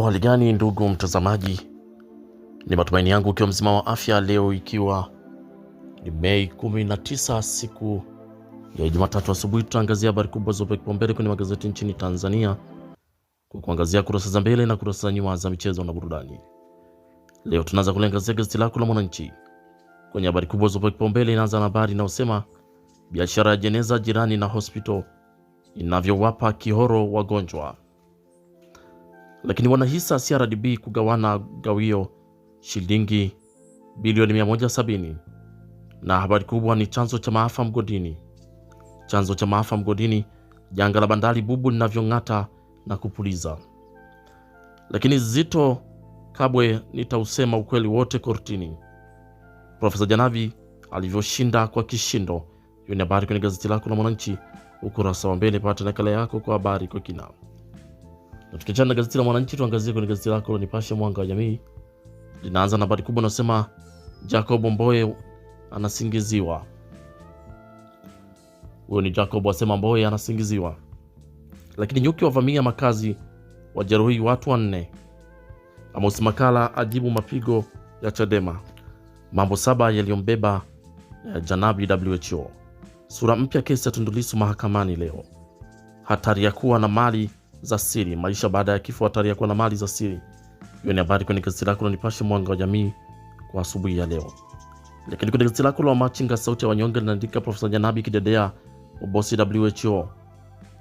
Hali gani ndugu mtazamaji, ni matumaini yangu ukiwa mzima wa afya leo, ikiwa ni Mei 19 siku ya Jumatatu asubuhi, tutaangazia habari kubwa zopewa kipaumbele kwenye magazeti nchini Tanzania kwa kuangazia kurasa za mbele na kurasa za nyuma za michezo na burudani. Leo tunaanza kuliangazia gazeti lako la Mwananchi kwenye habari kubwa zopea kipaumbele. Inaanza na habari inayosema biashara ya jeneza jirani na hospital inavyowapa kihoro wagonjwa lakini wanahisa CRDB kugawana gawio shilingi bilioni 170. Na habari kubwa ni chanzo cha maafa mgodini. Chanzo cha maafa mgodini, janga la bandari bubu linavyong'ata na kupuliza. Lakini Zito Kabwe, nitausema ukweli wote kortini. Profesa Janavi alivyoshinda kwa kishindo. Hiyo ni habari kwenye gazeti lako la Mwananchi ukurasa wa mbele. Pata nakala yako kwa habari kwa kina. Na tukiachana na gazeti la Mwananchi, tuangazie kwenye gazeti lako la Nipashe Mwanga wa Jamii. Linaanza na habari kubwa inasema Jacob Mboye anasingiziwa. Huyo ni Jacob asema Mboye anasingiziwa. Lakini nyuki wavamia makazi wajeruhi watu wanne. Amos Makala ajibu mapigo ya Chadema. Mambo saba yaliyombeba ya eh, janabi WHO. Sura mpya kesi ya Tundulisu mahakamani leo. Hatari ya kuwa na mali za siri, maisha baada ya kifo, hatari ya kuwa na mali za siri. Hiyo ni habari kwenye gazeti lako la Nipashe mwanga wa jamii kwa asubuhi ya leo. Lakini kwenye gazeti lako la Wamachinga sauti ya wanyonge linaandika Profesa Janabi kidedea ubosi WHO,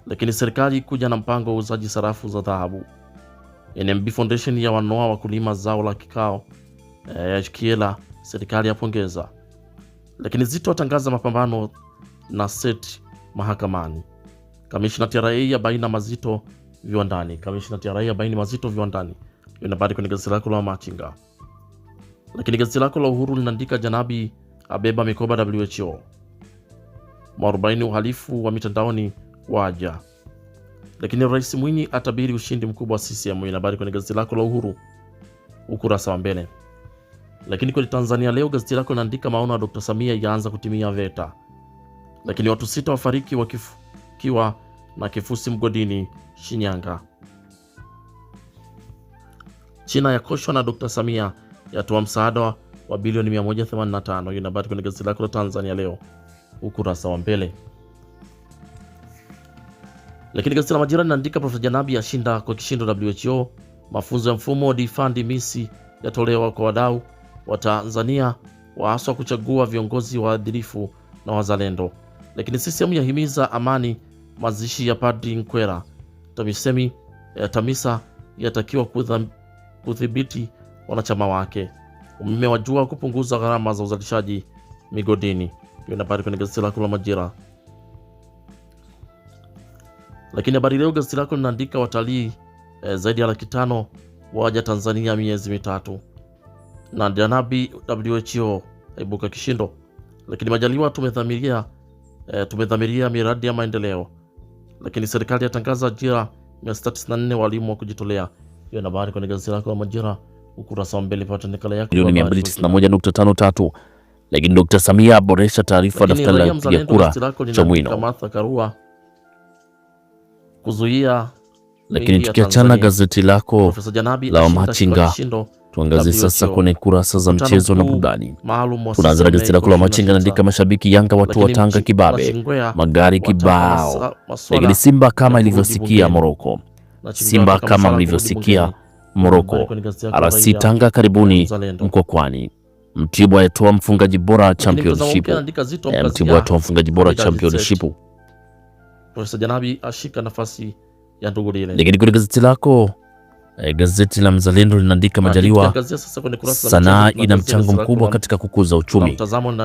lakini serikali kuja na mpango wa uuzaji sarafu za dhahabu. NMB Foundation ya wanoa wakulima zao la kikao ya eh, kiela, serikali yapongeza. Lakini Zito atangaza mapambano na seti mahakamani. Kamishna TRA ya baina mazito viwandani. Kamishna TRA abaini mazito viwandani. Hiyo ni habari kwenye gazeti lako la Machinga. Lakini gazeti lako la Uhuru linaandika Janabi abeba mikoba WHO, Marubaini uhalifu wa mitandaoni waja. Lakini Rais Mwinyi atabiri ushindi mkubwa wa CCM. Ina habari kwenye gazeti lako la Uhuru ukurasa wa mbele. Lakini kwenye Tanzania Leo gazeti lako linaandika maono ya Dr. Samia yaanza kutimia VETA. Lakini watu sita wafariki wakiwa kifusi mgodini Shinyanga. China yakoshwa na Dr. Samia yatoa msaada wa bilioni 185. Hiyo inabaki kwenye gazeti lako la Tanzania leo ukurasa wa mbele. Lakini gazeti la Majira linaandika Prof. Janabi ashinda kwa kishindo WHO, mafunzo ya mfumo difandi misi yatolewa kwa wadau wa Tanzania waaswa kuchagua viongozi waadilifu na wazalendo. Lakini CCM yahimiza amani mazishi ya Padri Nkwera. TAMISEMI ya eh, TAMISA yatakiwa kudhibiti wanachama wake. Umeme wa jua kupunguza gharama za uzalishaji migodini. Hiyo ni habari kwenye gazeti lako la Majira. Lakini habari leo gazeti lako linaandika watalii e, zaidi ya laki tano waja Tanzania miezi mitatu, na janabi WHO aibuka kishindo. Lakini Majaliwa tumedhamiria e, tumedhamiria miradi ya maendeleo lakini serikali yatangaza ajira 694 walimu wa kujitolea. Hiyo ni habari kwenye gazeti lako la Majira ukurasa wa mbele, pata nakala yako. Lakini Dr. Samia aboresha taarifa daftari la kupiga kura cha Mwino kuzuia. Lakini tukiachana gazeti lako la Machinga Tuangazie sasa kwenye kurasa za mchezo na burudani. Tunaanza na gazeti lako la Machinga naandika mashabiki Yanga watu wa Tanga kibabe, magari kibao, lakini Simba kama ilivyosikia Moroko, Simba kama mlivyosikia Moroko, RC Tanga karibuni Mkwakwani. Mtibwa yatoa mfungaji bora championship, eh, Mtibwa mfungaji bora championship. Lakini kwenye gazeti lako Eh, gazeti la Mzalendo linaandika Majaliwa sanaa ina mchango mkubwa katika kukuza uchumi.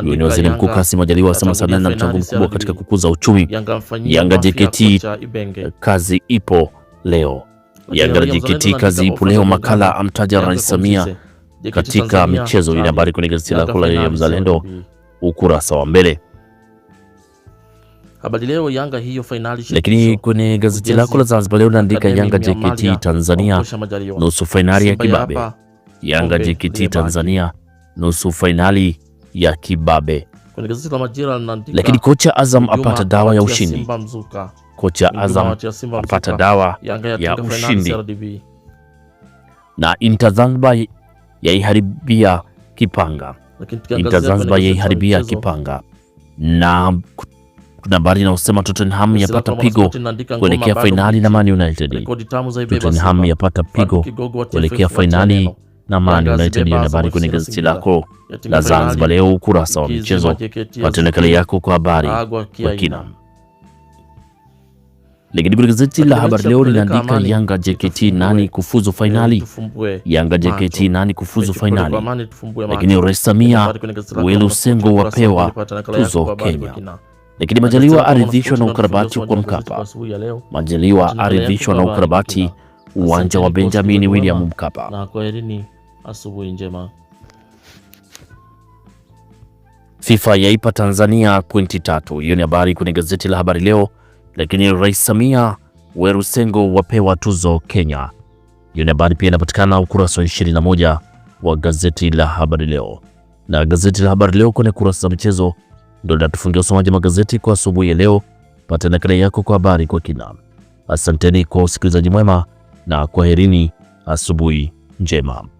Ni waziri mkuu Kassim Majaliwa asema sanaa ina mchango mkubwa katika kukuza uchumi. Yanga JKT eh, kazi ipo leo, Yanga JKT kazi ipo leo. Makala amtaja Rais Samia katika michezo, ina habari kwenye gazeti lako la Mzalendo ukurasa wa mbele. Leo Yanga hiyo finali, Lakini kwenye gazeti lako la Zanzibar leo naandika Yanga JKT Tanzania nusu fainali ya kibabe. Yanga JKT Tanzania nusu fainali ya kibabe. Lakini kocha Azam apata dawa ya ushindi. Kocha Azam apata dawa ya ushindi na Inter Zanzibar yaiharibia kipanga. Inter Zanzibar yaiharibia kipanga na na habari inayosema Tottenham yapata pigo kuelekea fainali na Man United. Tottenham yapata pigo kuelekea fainali na Man United. Ni habari kwenye gazeti lako la Zanzibar Leo, ukurasa wa michezo. Pata nakala yako kwa habari kwa kina. Lakini kwenye gazeti la Habari Leo linaandika Yanga JKT nani kufuzu fainali, Yanga JKT nani kufuzu fainali. Lakini Rais Samia Welusengo wapewa tuzo Kenya. Lakini Majaliwa aridhishwa na ukarabati kwa Mkapa. Majaliwa aridhishwa na ukarabati uwanja wa Benjamin William Mkapa. Na kwaherini, asubuhi njema. FIFA yaipa Tanzania pointi tatu. Hiyo ni habari kwenye gazeti la Habari Leo. Lakini Rais Samia Werusengo wapewa tuzo Kenya. Hiyo ni habari pia inapatikana ukurasa wa 21 wa gazeti la Habari Leo, na gazeti la Habari Leo kwenye kurasa za michezo ndio linatufungia usomaji magazeti kwa asubuhi ya leo. Pata nakala yako kwa habari kwa kina. Asanteni kwa usikilizaji mwema na kwaherini, asubuhi njema.